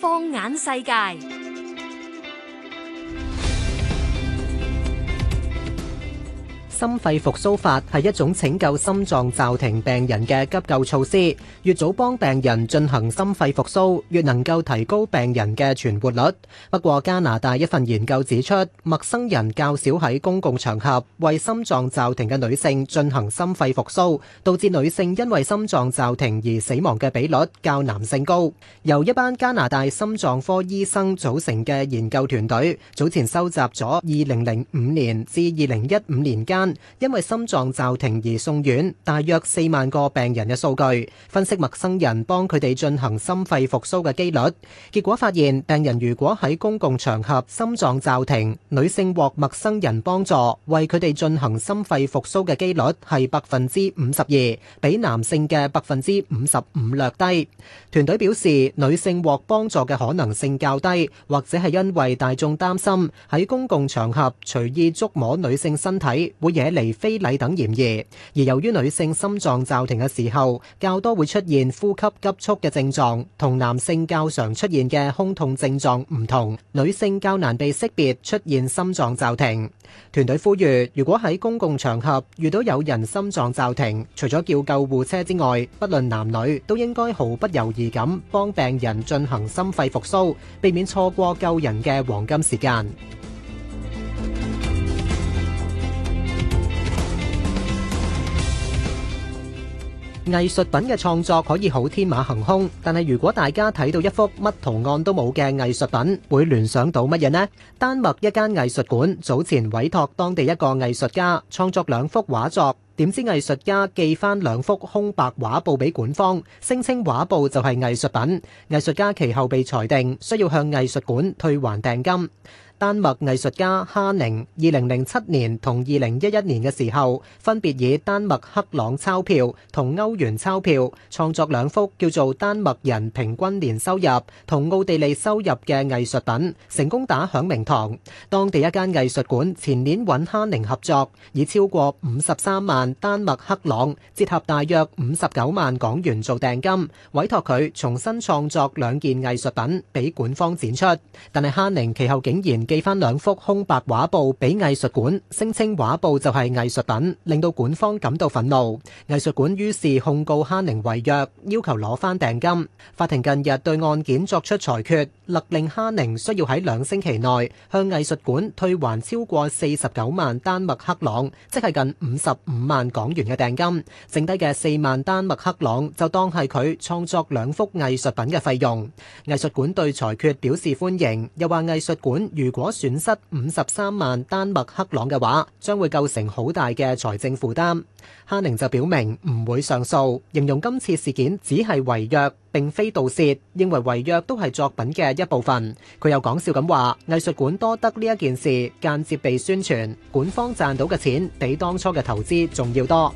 放眼世界。心肺復甦法係一種拯救心臟驟停病人嘅急救措施。越早幫病人進行心肺復甦，越能夠提高病人嘅存活率。不過，加拿大一份研究指出，陌生人較少喺公共場合為心臟驟停嘅女性進行心肺復甦，導致女性因為心臟驟停而死亡嘅比率較男性高。由一班加拿大心臟科醫生組成嘅研究團隊，早前收集咗二零零五年至二零一五年間，因為心臟驟停而送院大約四萬個病人嘅數據，分析陌生人幫佢哋進行心肺復甦嘅幾率，結果發現病人如果喺公共場合心臟驟停，女性獲陌生人幫助為佢哋進行心肺復甦嘅幾率係百分之五十二，比男性嘅百分之五十五略低。團隊表示，女性獲幫助嘅可能性較低，或者係因為大眾擔心喺公共場合隨意觸摸女性身體會惹。惹離非禮等嫌疑，而由於女性心臟驟停嘅時候，較多會出現呼吸急促嘅症狀，同男性較常出現嘅胸痛症狀唔同，女性較難被識別出現心臟驟停。團隊呼籲，如果喺公共場合遇到有人心臟驟停，除咗叫救護車之外，不論男女都應該毫不猶疑咁幫病人進行心肺復蘇，避免錯過救人嘅黃金時間。藝術品嘅創作可以好天馬行空，但係如果大家睇到一幅乜圖案都冇嘅藝術品，會聯想到乜嘢呢？丹麥一間藝術館早前委託當地一個藝術家創作兩幅畫作，點知藝術家寄返兩幅空白畫布俾館方，聲稱畫布就係藝術品。藝術家其後被裁定需要向藝術館退還訂金。丹麥藝術家哈寧，二零零七年同二零一一年嘅時候，分別以丹麥克朗鈔票同歐元鈔票創作兩幅叫做《丹麥人平均年收入》同《奧地利收入》嘅藝術品，成功打響名堂。當地一間藝術館前年揾哈寧合作，以超過五十三萬丹麥克朗，折合大約五十九萬港元做訂金，委託佢重新創作兩件藝術品俾館方展出。但係哈寧其後竟然寄翻兩幅空白畫布俾藝術館，聲稱畫布就係藝術品，令到館方感到憤怒。藝術館於是控告哈寧違約，要求攞翻訂金。法庭近日對案件作出裁決，勒令哈寧需要喺兩星期內向藝術館退還超過四十九萬丹麥克朗，即係近五十五萬港元嘅訂金。剩低嘅四萬丹麥克朗就當係佢創作兩幅藝術品嘅費用。藝術館對裁決表示歡迎，又話藝術館如果如果損失五十三萬丹麥克朗嘅話，將會構成好大嘅財政負擔。哈寧就表明唔會上訴，形容今次事件只係違約，並非盜竊，認為違約都係作品嘅一部分。佢又講笑咁話：藝術館多得呢一件事間接被宣傳，館方賺到嘅錢比當初嘅投資仲要多。